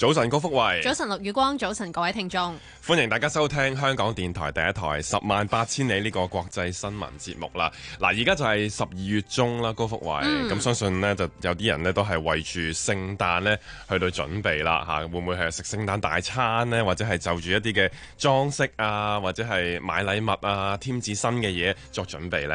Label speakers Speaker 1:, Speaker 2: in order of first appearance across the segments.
Speaker 1: 早晨，郭富慧。早
Speaker 2: 晨，
Speaker 3: 陸宇光。早晨，各位聽眾。
Speaker 1: 歡迎大家收聽香港電台第一台《十萬八千里》呢個國際新聞節目啦！嗱、啊，而家就係十二月中啦，高福偉咁、嗯、相信呢，就有啲人都呢都係為住聖誕呢去到準備啦嚇、啊，會唔會係食聖誕大餐呢？或者係就住一啲嘅裝飾啊，或者係買禮物啊、添置新嘅嘢作準備呢？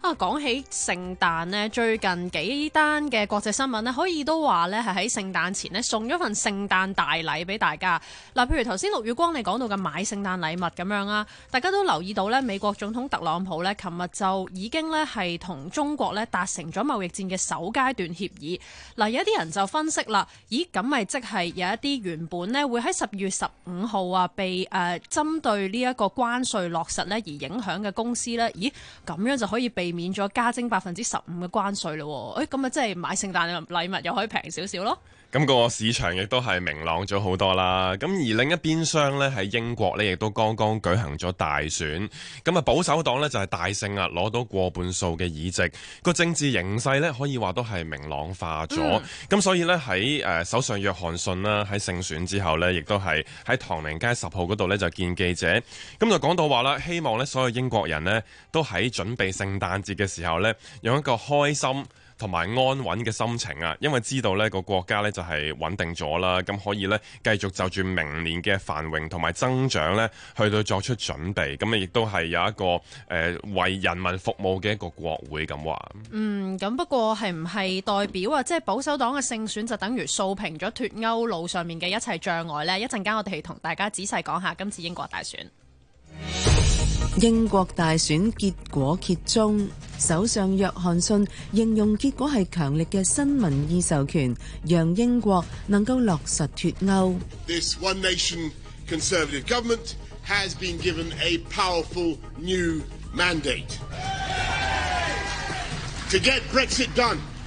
Speaker 3: 啊，講起聖誕呢，最近幾單嘅國際新聞呢，可以都話呢係喺聖誕前呢送咗份聖誕大禮俾大家。嗱、啊，譬如頭先陸月光你講到。買聖誕禮物咁樣啊，大家都留意到咧，美國總統特朗普咧，琴日就已經咧係同中國咧達成咗貿易戰嘅首階段協議。嗱，有啲人就分析啦，咦，咁咪即係有一啲原本呢會喺十二月十五號啊被誒針、呃、對呢一個關稅落實呢而影響嘅公司呢，咦，咁樣就可以避免咗加徵百分之十五嘅關稅咯？誒，咁啊，即係買聖誕禮物又可以平少少咯。
Speaker 1: 咁個市場亦都係明朗咗好多啦，咁而另一邊廂呢，喺英國呢亦都剛剛舉行咗大選，咁啊保守黨呢，就係、是、大勝啊，攞到過半數嘅議席，個政治形勢呢，可以話都係明朗化咗，咁、嗯、所以呢，喺誒首相約翰遜啦喺勝選之後呢，亦都係喺唐寧街十號嗰度呢，就見記者，咁就講到話啦，希望呢所有英國人呢，都喺準備聖誕節嘅時候呢，用一個開心。同埋安穩嘅心情啊，因為知道呢個國家呢就係、是、穩定咗啦，咁可以呢，繼續就住明年嘅繁榮同埋增長呢，去到作出準備。咁啊，亦都係有一個誒、呃、為人民服務嘅一個國會咁話。
Speaker 3: 嗯，咁不過係唔係代表啊？即係保守黨嘅勝選就等於掃平咗脱歐路上面嘅一切障礙呢。一陣間我哋同大家仔細講下今次英國大選。
Speaker 2: 英國大選結果揭盅，首相約翰遜形容結果係強力嘅新民意授權，讓英國能夠落實脱歐。This one nation conservative government has been given a powerful new
Speaker 4: mandate to get Brexit done.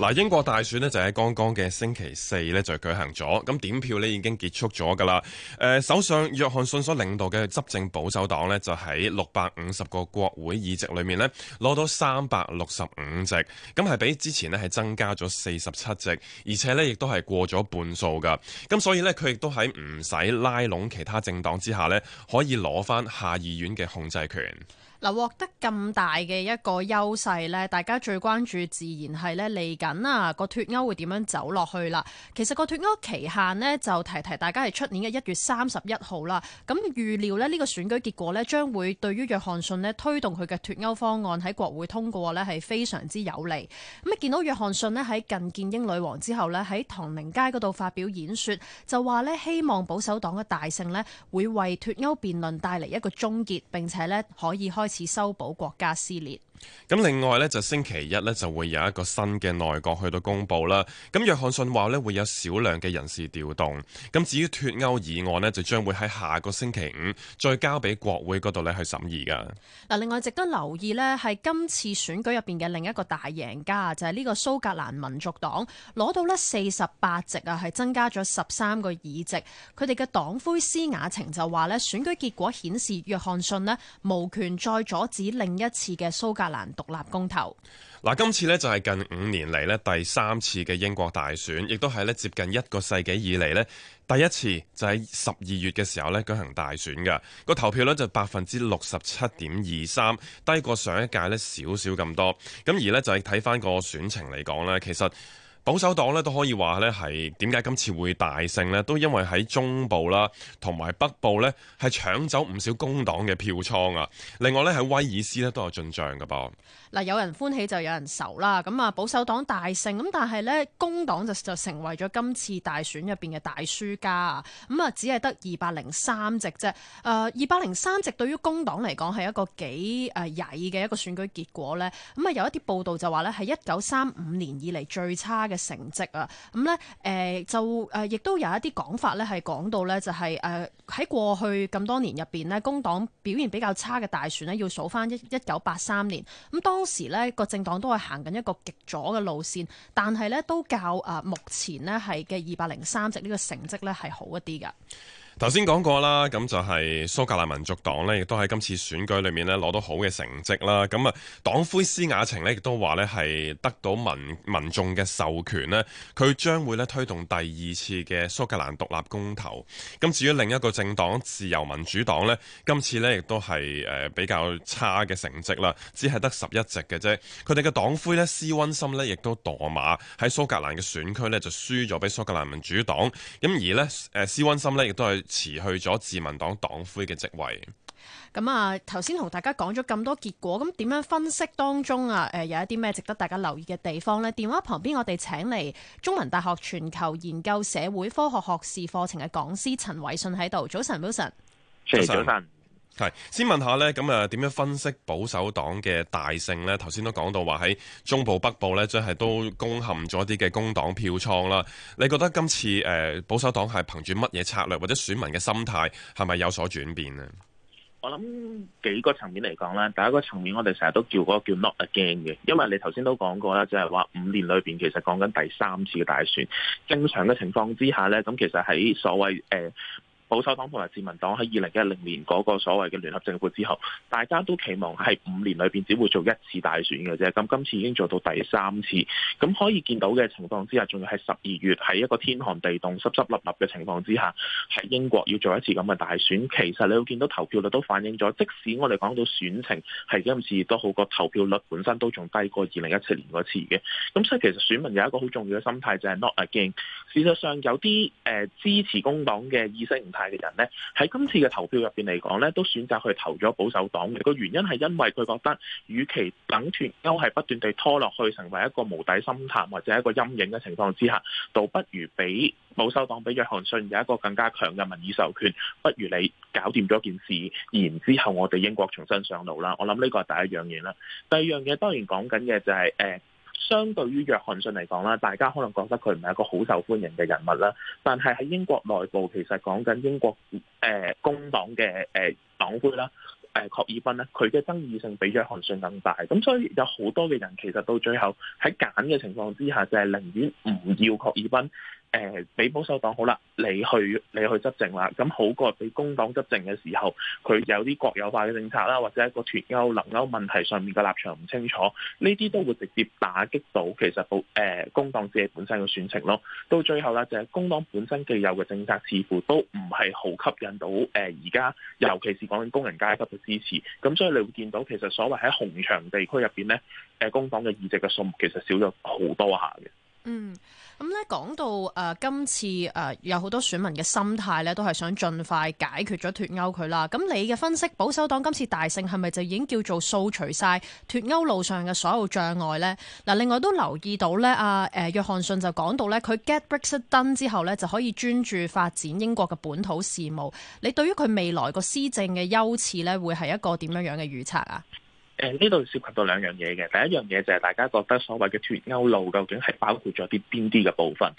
Speaker 1: 嗱，英國大選呢就喺剛剛嘅星期四呢就舉行咗，咁點票呢已經結束咗㗎喇。誒、呃，首相約翰遜所領導嘅執政保守黨呢就喺六百五十個國會議席裏面呢攞到三百六十五席，咁係比之前呢係增加咗四十七席，而且呢亦都係過咗半數㗎。咁所以呢，佢亦都喺唔使拉攏其他政黨之下呢可以攞返下議院嘅控制權。
Speaker 3: 嗱，獲得咁大嘅一個優勢咧，大家最關注自然係咧嚟緊啊個脱歐會點樣走落去啦。其實個脱歐期限咧就提提大家係出年嘅一月三十一號啦。咁預料咧呢個選舉結果咧將會對於約翰遜咧推動佢嘅脱歐方案喺國會通過咧係非常之有利。咁啊見到約翰遜咧喺覲見英女王之後咧喺唐寧街嗰度發表演説，就話咧希望保守黨嘅大勝咧會為脱歐辯論帶嚟一個終結，並且咧可以開次修補國家撕裂。
Speaker 1: 咁另外呢，就星期一呢，就會有一個新嘅內閣去到公布啦。咁約翰遜話呢，會有少量嘅人事調動。咁至於脫歐議案呢，就將會喺下個星期五再交俾國會嗰度呢去審議噶。
Speaker 3: 嗱，另外值得留意呢，係今次選舉入邊嘅另一個大贏家啊，就係呢個蘇格蘭民族黨攞到呢四十八席啊，係增加咗十三個議席。佢哋嘅黨魁施雅晴就話呢，選舉結果顯示約翰遜呢，無權再阻止另一次嘅蘇格。蘭獨立公投。
Speaker 1: 嗱，今次呢就係近五年嚟，呢第三次嘅英國大選，亦都係呢接近一個世紀以嚟，呢第一次，就喺十二月嘅時候呢舉行大選，嘅個投票率就百分之六十七點二三，低過上一屆呢少少咁多。咁而呢，就係睇翻個選情嚟講呢，其實。保守黨咧都可以話咧係點解今次會大勝咧？都因為喺中部啦，同埋北部呢，係搶走唔少工黨嘅票倉啊！另外呢，喺威爾斯咧都有進帳㗎噃。
Speaker 3: 嗱，有人歡喜就有人愁啦。咁啊，保守黨大勝，咁但係呢，工黨就就成為咗今次大選入邊嘅大輸家。咁啊，只係得二百零三席啫。誒、呃，二百零三席對於工黨嚟講係一個幾誒曳嘅一個選舉結果呢。咁啊，有一啲報道就話呢，係一九三五年以嚟最差。嘅成績啊，咁咧誒就誒、呃、亦都有一啲講法咧、就是，係講到咧就係誒喺過去咁多年入邊呢，工黨表現比較差嘅大選數、嗯、呢，要數翻一一九八三年，咁當時咧個政黨都係行緊一個極左嘅路線，但係咧都較啊目前呢，係嘅二百零三席呢個成績咧係好一啲嘅。
Speaker 1: 頭先講過啦，咁就係蘇格蘭民族黨呢，亦都喺今次選舉裏面呢攞到好嘅成績啦。咁啊，黨魁施雅晴呢，亦都話呢係得到民民眾嘅授權呢，佢將會呢推動第二次嘅蘇格蘭獨立公投。咁至於另一個政黨自由民主黨呢，今次呢亦都係誒、呃、比較差嘅成績啦，只係得十一席嘅啫。佢哋嘅黨魁呢，施温森呢，亦都墮馬喺蘇格蘭嘅選區呢，就輸咗俾蘇格蘭民主黨。咁而呢，誒、呃呃、施温森呢，亦都係。辭去咗自民黨黨魁嘅職位。
Speaker 3: 咁啊，頭先同大家講咗咁多結果，咁點樣分析當中啊？誒、呃，有一啲咩值得大家留意嘅地方呢？電話旁邊我哋請嚟中文大學全球研究社會科學學士課程嘅講師陳偉信喺度。早晨，早晨
Speaker 1: 安。早晨。係，先問下咧，咁啊點樣分析保守黨嘅大勝咧？頭先都講到話喺中部北部咧，真係都攻陷咗啲嘅工黨票倉啦。你覺得今次誒、呃、保守黨係憑住乜嘢策略，或者選民嘅心態係咪有所轉變呢？
Speaker 4: 我諗幾個層面嚟講咧，第一個層面我哋成日都叫嗰個叫 Not Again 嘅，因為你頭先都講過咧，就係話五年裏邊其實講緊第三次嘅大選，正常嘅情況之下咧，咁其實喺所謂誒。呃保守黨同埋自民黨喺二零一零年嗰個所謂嘅聯合政府之後，大家都期望係五年裏邊只會做一次大選嘅啫。咁今次已經做到第三次，咁可以見到嘅情況之下，仲要係十二月喺一個天寒地凍、濕濕立立嘅情況之下，喺英國要做一次咁嘅大選。其實你會見到投票率都反映咗，即使我哋講到選情係幾咁熱都好過，個投票率本身都仲低過二零一七年嗰次嘅。咁所以其實選民有一個好重要嘅心態就係、是、not again。事實上有啲誒支持工黨嘅意識形態。嘅人咧，喺今次嘅投票入邊嚟講咧，都選擇去投咗保守黨嘅個原因係因為佢覺得，與其等脫歐係不斷地拖落去，成為一個無底深潭或者一個陰影嘅情況之下，倒不如俾保守黨俾約翰遜有一個更加強嘅民意授權，不如你搞掂咗件事，然之後我哋英國重新上路啦。我諗呢個係第一樣嘢啦，第二樣嘢當然講緊嘅就係誒。呃相對於約翰遜嚟講啦，大家可能覺得佢唔係一個好受歡迎嘅人物啦，但係喺英國內部其實講緊英國誒工黨嘅誒黨魁啦，誒、呃、郭爾賓咧，佢嘅爭議性比約翰遜更大，咁所以有好多嘅人其實到最後喺揀嘅情況之下，就係、是、寧願唔要郭爾賓。誒，俾保守黨好啦，你去你去執政啦，咁好過俾工黨執政嘅時候，佢有啲國有化嘅政策啦，或者一個脱歐、留歐問題上面嘅立場唔清楚，呢啲都會直接打擊到其實保誒工黨自己本身嘅選情咯。到最後咧，就係工黨本身既有嘅政策似乎都唔係好吸引到誒而家，尤其是講緊工人階級嘅支持。咁所以你會見到其實所謂喺紅牆地區入邊呢，誒工黨嘅議席嘅數目其實少咗好多下嘅。
Speaker 3: 嗯。咁呢講到誒、呃、今次誒、呃、有好多選民嘅心態咧，都係想盡快解決咗脱歐佢啦。咁你嘅分析，保守黨今次大勝係咪就已經叫做掃除晒脱歐路上嘅所有障礙呢？嗱，另外都留意到呢阿誒約翰遜，就講到呢，佢 get Brexit done 之後呢，就可以專注發展英國嘅本土事務。你對於佢未來個施政嘅優次呢，會係一個點樣樣嘅預測啊？
Speaker 4: 誒，呢度涉及到兩樣嘢嘅，第一樣嘢就係大家覺得所謂嘅脱歐路究竟係包括咗啲邊啲嘅部分。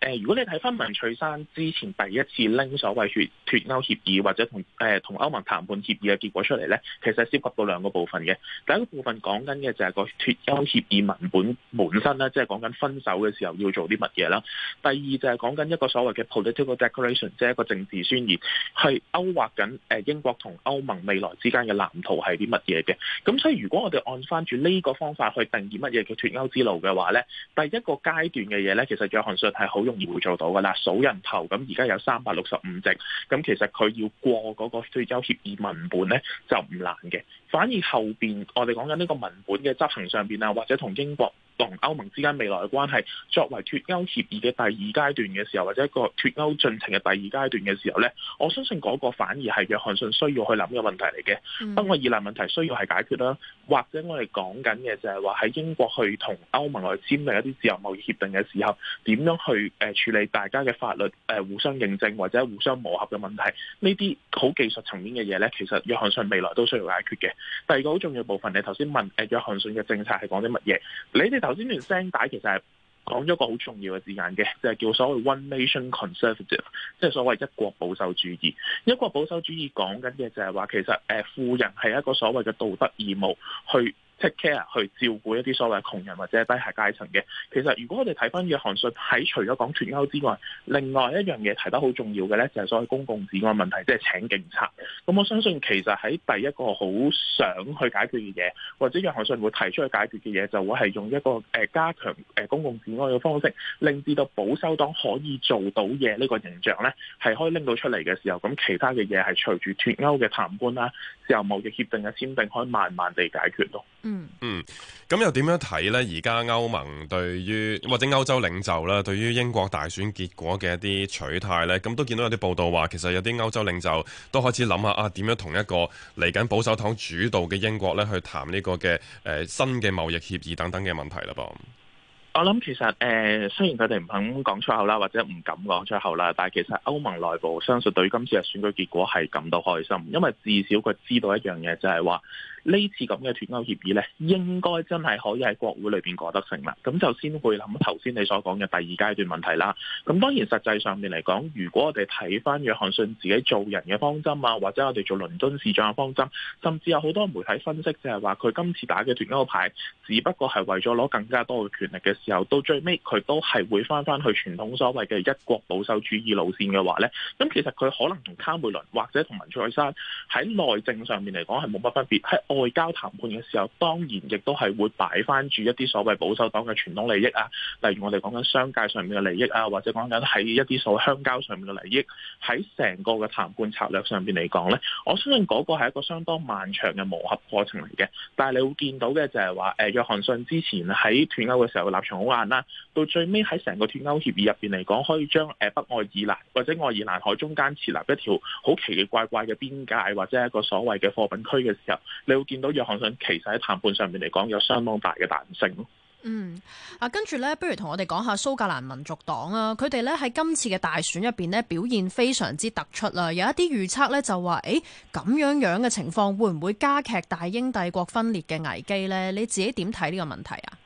Speaker 4: 誒，如果你睇翻文翠山之前第一次拎所謂脱脱歐協議或者同誒同歐盟談判協議嘅結果出嚟咧，其實係涉及到兩個部分嘅。第一個部分講緊嘅就係個脱歐協議文本本，本身咧，即係講緊分手嘅時候要做啲乜嘢啦。第二就係講緊一個所謂嘅 political declaration，即係一個政治宣言，去勾畫緊誒英國同歐盟未來之間嘅藍圖係啲乜嘢嘅。咁所以如果我哋按翻住呢個方法去定義乜嘢叫脱歐之路嘅話咧，第一個階段嘅嘢咧，其實約翰遜係好容易會做到噶啦，數人頭咁，而家有三百六十五席，咁其實佢要過嗰個脱歐協議文本呢，就唔難嘅，反而後邊我哋講緊呢個文本嘅執行上邊啊，或者同英國。同歐盟之間未來嘅關係，作為脱歐協議嘅第二階段嘅時候，或者一個脱歐進程嘅第二階段嘅時候咧，我相信嗰個反而係約翰遜需要去諗嘅問題嚟嘅。北愛爾蘭問題需要係解決啦，或者我哋講緊嘅就係話喺英國去同歐盟去簽嘅一啲自由貿易協定嘅時候，點樣去誒處理大家嘅法律誒互相認證或者互相磨合嘅問題？呢啲好技術層面嘅嘢呢，其實約翰遜未來都需要解決嘅。第二個好重要部分，你頭先問誒約翰遜嘅政策係講啲乜嘢？你哋。頭先段聲帶其實係講咗個好重要嘅字眼嘅，就係叫所謂 One Nation Conservative，即係所謂一國保守主義。一國保守主義講緊嘅就係話，其實誒富人係一個所謂嘅道德義務去。take care 去照顧一啲所謂窮人或者低下階層嘅。其實如果我哋睇翻約翰遜喺除咗講脫歐之外，另外一樣嘢提得好重要嘅咧，就係、是、所謂公共治安問題，即、就、係、是、請警察。咁我相信其實喺第一個好想去解決嘅嘢，或者約翰遜會提出去解決嘅嘢，就會係用一個誒加強誒公共治安嘅方式，令至到保守黨可以做到嘢呢、這個形象咧，係可以拎到出嚟嘅時候，咁其他嘅嘢係隨住脫歐嘅談判啦，自由貿易協定嘅簽訂，可以慢慢地解決咯。
Speaker 1: 嗯，咁又點樣睇呢？而家歐盟對於或者歐洲領袖啦，對於英國大選結果嘅一啲取態呢，咁都見到有啲報道話，其實有啲歐洲領袖都開始諗下啊，點樣同一個嚟緊保守黨主導嘅英國呢去談呢個嘅誒新嘅貿易協議等等嘅問題啦噃。
Speaker 4: 我諗其實誒雖然佢哋唔肯講出口啦，或者唔敢講出口啦，但係其實歐盟內部相信對於今次嘅選舉結果係感到開心，因為至少佢知道一樣嘢就係話，這次這呢次咁嘅脫歐協議咧，應該真係可以喺國會裏邊過得成啦，咁就先會諗頭先你所講嘅第二階段問題啦。咁當然實際上面嚟講，如果我哋睇翻約翰遜自己做人嘅方針啊，或者我哋做倫敦市長嘅方針，甚至有好多媒體分析就係話佢今次打嘅脫歐牌，只不過係為咗攞更加多嘅權力嘅時候，到最尾佢都係會翻翻去傳統所謂嘅一國保守主義路線嘅話呢，咁其實佢可能同卡梅倫或者同文翠珊喺內政上面嚟講係冇乜分別，外交談判嘅時候，當然亦都係會擺翻住一啲所謂保守黨嘅傳統利益啊，例如我哋講緊商界上面嘅利益啊，或者講緊喺一啲所謂鄉郊上面嘅利益。喺成個嘅談判策略上邊嚟講呢，我相信嗰個係一個相當漫長嘅磨合過程嚟嘅。但係你會見到嘅就係話，誒約翰遜之前喺脫歐嘅時候立場好硬啦，到最尾喺成個脫歐協議入邊嚟講，可以將誒北愛爾蘭或者愛爾蘭海中間設立一條好奇奇怪怪嘅邊界，或者係一個所謂嘅貨品區嘅時候，你要見到約翰遜其實喺談判上面嚟講有相當大嘅彈性咯。嗯，
Speaker 3: 啊跟住咧，不如同我哋講下蘇格蘭民族黨啊，佢哋咧喺今次嘅大選入邊咧表現非常之突出啦。有一啲預測咧就話，誒、欸、咁樣樣嘅情況會唔會加劇大英帝國分裂嘅危機咧？你自己點睇呢個問題啊？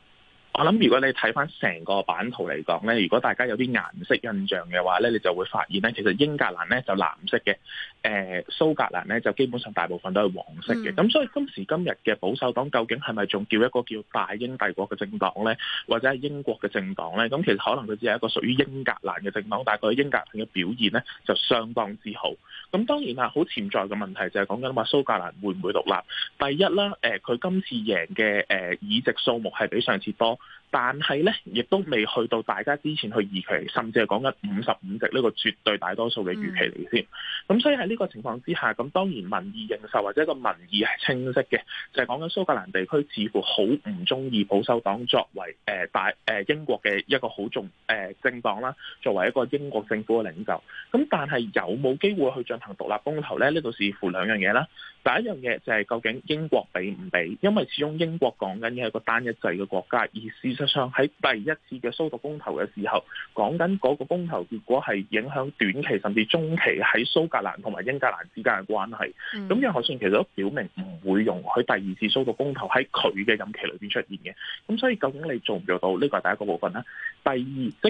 Speaker 4: 我諗如果你睇翻成個版圖嚟講咧，如果大家有啲顏色印象嘅話咧，你就會發現咧，其實英格蘭咧就藍色嘅，誒、呃、蘇格蘭咧就基本上大部分都係黃色嘅。咁、嗯、所以今時今日嘅保守黨究竟係咪仲叫一個叫大英帝國嘅政黨咧，或者係英國嘅政黨咧？咁其實可能佢只係一個屬於英格蘭嘅政黨，但係佢喺英格蘭嘅表現咧就相當之好。咁當然啦，好潛在嘅問題，就係講緊話蘇格蘭會唔會獨立。第一啦，誒、呃、佢今次贏嘅誒、呃、議席數目係比上次多。但係咧，亦都未去到大家之前去預期，甚至係講緊五十五席呢、這個絕對大多數嘅預期嚟先。咁、嗯嗯、所以喺呢個情況之下，咁當然民意認受或者個民意係清晰嘅，就係講緊蘇格蘭地區似乎好唔中意保守黨作為誒大誒英國嘅一個好重誒、呃、政黨啦，作為一個英國政府嘅領袖。咁、嗯、但係有冇機會去進行獨立公投咧？呢度視乎兩樣嘢啦。第一樣嘢就係究竟英國俾唔俾？因為始終英國講緊嘅係個單一制嘅國家，意思。上喺第一次嘅蘇獨公投嘅時候，講緊嗰個公投結果係影響短期甚至中期喺蘇格蘭同埋英格蘭之間嘅關係。咁約翰遜其實都表明唔會容許第二次蘇獨公投喺佢嘅任期裏邊出現嘅。咁所以究竟你做唔做到呢，個係第一個部分咧，第二，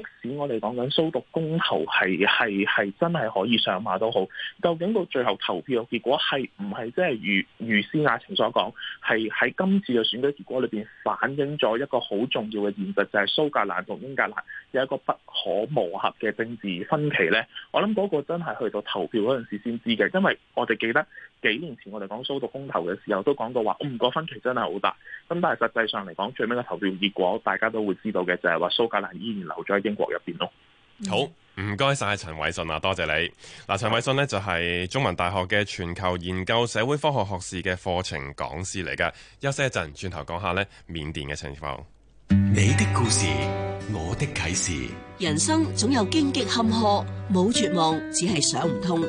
Speaker 4: 即使我哋講緊蘇獨公投係係係真係可以上馬都好，究竟到最後投票嘅結果係唔係即係如如斯亞晴所講，係喺今次嘅選舉結果裏邊反映咗一個好重要。嘅現實就係蘇格蘭同英格蘭有一個不可磨合嘅政治分歧呢，我諗嗰個真係去到投票嗰陣時先知嘅。因為我哋記得幾年前我哋講蘇獨公投嘅時候都講到話，嗯，個分歧真係好大。咁但係實際上嚟講，最尾嘅投票結果大家都會知道嘅，就係話蘇格蘭依然留咗喺英國入邊咯。
Speaker 1: 好，唔該晒陳偉信啊，多謝你嗱。陳偉信呢，就係中文大學嘅全球研究社會科學學士嘅課程講師嚟㗎。休息一陣，轉頭講下呢，緬甸嘅情況。你的故事，我的啟示。
Speaker 3: 人生總有荊棘坎坷，冇絕望，
Speaker 2: 只係想唔通。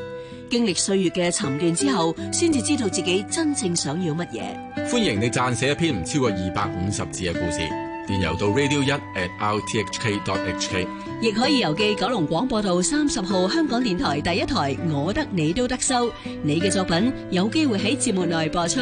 Speaker 2: 經歷歲月嘅沉澱之後，先至知道自己真正想要乜嘢。
Speaker 4: 歡迎你撰寫一篇唔超過二百五十字嘅故事，電郵到 radio 一 at rthk dot hk，
Speaker 3: 亦可以郵寄九龍廣播道三十號香港電台第一台。我得你都得收，你嘅作品有機會喺節目內播出。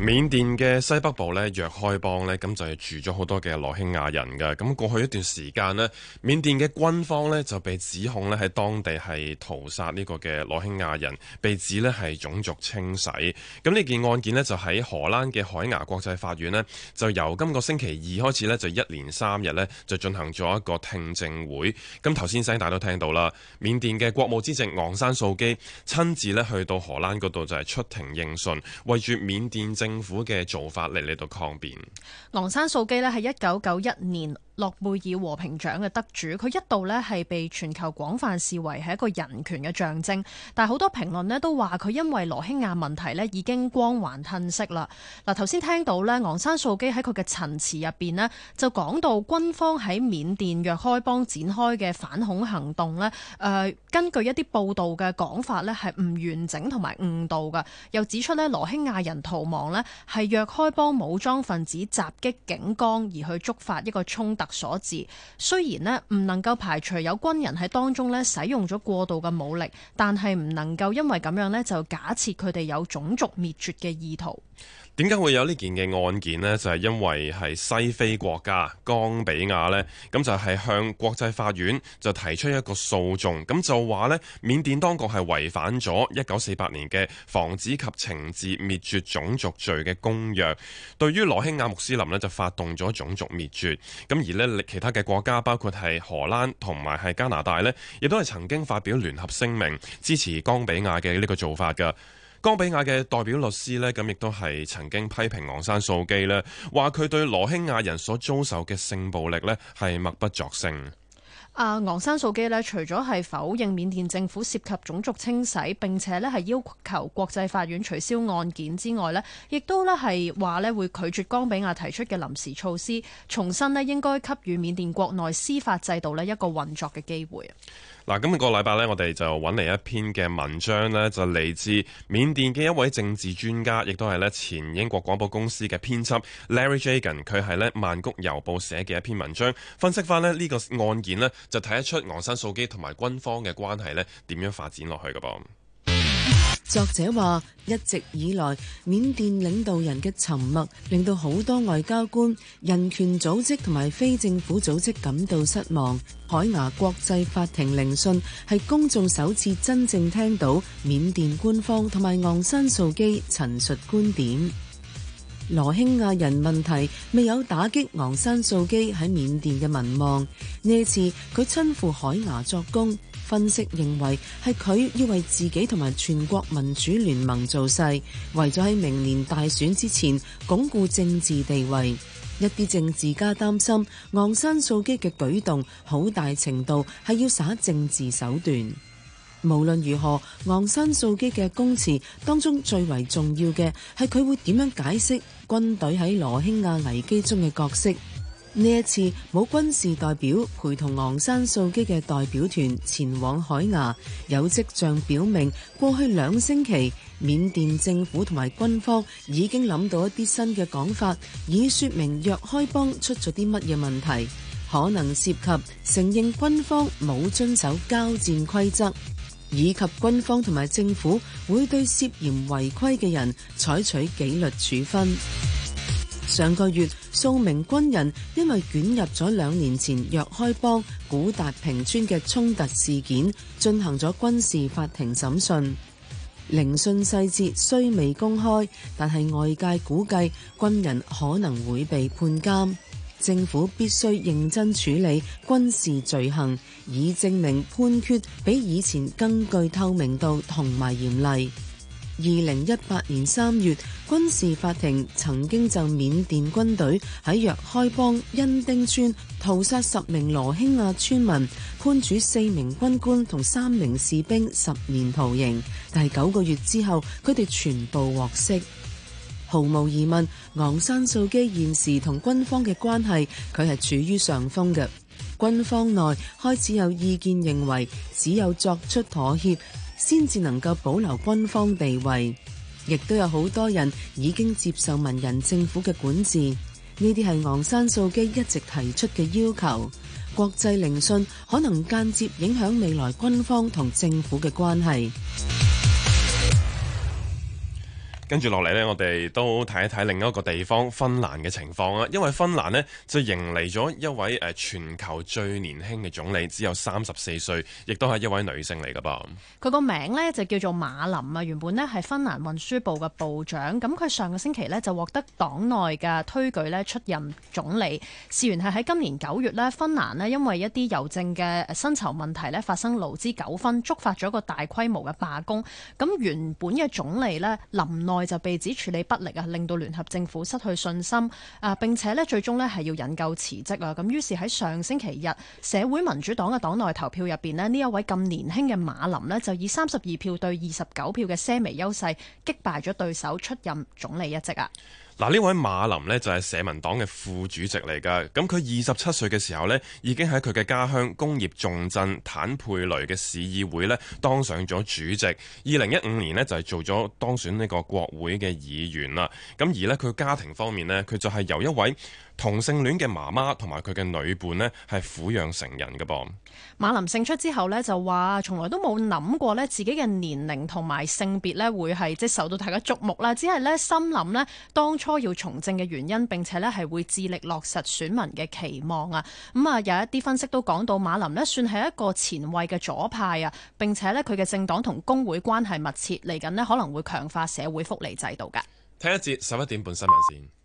Speaker 1: 緬甸嘅西北部咧，若開邦咧，咁就係住咗好多嘅羅興亞人嘅。咁過去一段時間咧，緬甸嘅軍方咧就被指控咧喺當地係屠殺呢個嘅羅興亞人，被指咧係種族清洗。咁呢件案件咧就喺荷蘭嘅海牙國際法院咧，就由今個星期二開始咧就一連三日咧就進行咗一個聽證會。咁頭先聲，大家都聽到啦，緬甸嘅國務資政昂山素姬親自咧去到荷蘭嗰度就係出庭應訊，為住緬甸政政府嘅做法嚟嚟到抗辯，
Speaker 3: 昂山素姬咧，係一九九一年諾貝爾和平獎嘅得主，佢一度呢係被全球廣泛視為係一個人權嘅象徵，但係好多評論呢都話佢因為羅興亞問題呢已經光環褪色啦。嗱，頭先聽到呢昂山素姬喺佢嘅陳詞入邊呢，就講到軍方喺緬甸若開邦展開嘅反恐行動呢，誒、呃、根據一啲報道嘅講法呢係唔完整同埋誤導㗎，又指出呢，羅興亞人逃亡呢係若開邦武裝分子襲擊警崗而去觸發一個衝突，所致，雖然呢唔能夠排除有軍人喺當中呢使用咗過度嘅武力，但係唔能夠因為咁樣呢就假設佢哋有種族滅絕嘅意圖。
Speaker 1: 點解會有呢件嘅案件呢？就係因為係西非國家岡比亞呢，咁就係向國際法院就提出一個訴訟，咁就話呢，緬甸當局係違反咗一九四八年嘅防止及懲治滅絕種族罪嘅公約，對於羅興亞穆斯林呢，就發動咗種族滅絕。咁而呢，其他嘅國家包括係荷蘭同埋係加拿大呢，亦都係曾經發表聯合聲明支持岡比亞嘅呢個做法㗎。剛比亞嘅代表律師呢，咁亦都係曾經批評昂山素姬呢，話佢對羅興亞人所遭受嘅性暴力呢，係默不作聲。
Speaker 3: 啊，昂山素姬呢，除咗係否認緬甸政府涉及種族清洗，並且呢係要求國際法院取消案件之外呢，亦都呢係話呢會拒絕岡比亞提出嘅臨時措施，重新呢應該給予緬甸國內司法制度呢一個運作嘅機會。
Speaker 1: 嗱，今個禮拜咧，我哋就揾嚟一篇嘅文章呢，就嚟自緬甸嘅一位政治專家，亦都係咧前英國廣播公司嘅編輯 Larry Jagan，佢係咧曼谷郵報寫嘅一篇文章，分析翻咧呢個案件呢，就睇得出昂山素姬同埋軍方嘅關係呢點樣發展落去㗎噃。
Speaker 2: 作者話：一直以來，緬甸領導人嘅沉默令到好多外交官、人權組織同埋非政府組織感到失望。海牙國際法庭聆訊係公眾首次真正聽到緬甸官方同埋昂山素姬陳述觀點。羅興亞人問題未有打擊昂山素姬喺緬甸嘅民望，呢次佢親赴海牙作供。分析認為係佢要為自己同埋全國民主聯盟做勢，為咗喺明年大選之前鞏固政治地位。一啲政治家擔心昂山素姬嘅舉動好大程度係要耍政治手段。無論如何，昂山素姬嘅供詞當中最為重要嘅係佢會點樣解釋軍隊喺羅興亞危機中嘅角色。呢一次冇軍事代表陪同昂山素姬嘅代表團前往海牙，有跡象表明過去兩星期，緬甸政府同埋軍方已經諗到一啲新嘅講法，以説明若開邦出咗啲乜嘢問題，可能涉及承認軍方冇遵守交戰規則，以及軍方同埋政府會對涉嫌違規嘅人採取紀律處分。上個月，數名軍人因為捲入咗兩年前若開邦古達平村嘅衝突事件，進行咗軍事法庭審訊。聆訊細節雖未公開，但係外界估計軍人可能會被判監。政府必須認真處理軍事罪行，以證明判決比以前更具透明度同埋嚴厲。二零一八年三月，軍事法庭曾經就緬甸軍隊喺若開邦恩丁村屠殺十名羅興亞村民，判處四名軍官同三名士兵十年徒刑。但係九個月之後，佢哋全部獲釋。毫無疑問，昂山素姬現時同軍方嘅關係，佢係處於上風嘅。軍方內開始有意見認為，只有作出妥協，先至能夠保留軍方地位，亦都有好多人已經接受文人政府嘅管治。呢啲係昂山素姬一直提出嘅要求。國際聆訊可能間接影響未來軍方同政府嘅關係。
Speaker 1: 跟住落嚟呢，我哋都睇一睇另一個地方芬蘭嘅情況啦。因為芬蘭呢，就迎嚟咗一位誒，全球最年輕嘅總理，只有三十四歲，亦都係一位女性嚟噶噃。
Speaker 3: 佢個名呢，就叫做馬林啊。原本呢，係芬蘭運輸部嘅部長，咁佢上個星期呢，就獲得黨內嘅推舉呢，出任總理。事緣係喺今年九月呢，芬蘭呢，因為一啲郵政嘅薪酬問題呢，發生勞資糾紛，觸發咗一個大規模嘅罷工。咁原本嘅總理呢，林內，就被指處理不力啊，令到聯合政府失去信心啊，並且咧，最終咧係要引咎辭職啊。咁於是喺上星期日，社會民主黨嘅黨內投票入邊咧，呢一位咁年輕嘅馬林咧、啊，就以三十二票對二十九票嘅些微優勢擊敗咗對手出任總理一職啊。
Speaker 1: 嗱呢位馬林呢就係社民黨嘅副主席嚟㗎，咁佢二十七歲嘅時候呢，已經喺佢嘅家鄉工業重鎮坦佩雷嘅市議會呢當上咗主席，二零一五年呢，就係做咗當選呢個國會嘅議員啦，咁而呢，佢家庭方面呢，佢就係由一位同性戀嘅媽媽同埋佢嘅女伴呢，係撫養成人嘅噃。
Speaker 3: 馬林勝出之後呢，就話從來都冇諗過呢，自己嘅年齡同埋性別呢，會係即受到大家矚目啦，只係呢，心諗呢，當初要從政嘅原因，並且呢係會致力落實選民嘅期望啊。咁、嗯、啊，有一啲分析都講到馬林呢，算係一個前衛嘅左派啊，並且呢，佢嘅政黨同工會關係密切，嚟緊呢可能會強化社會福利制度噶
Speaker 1: 睇一節十一點半新聞先。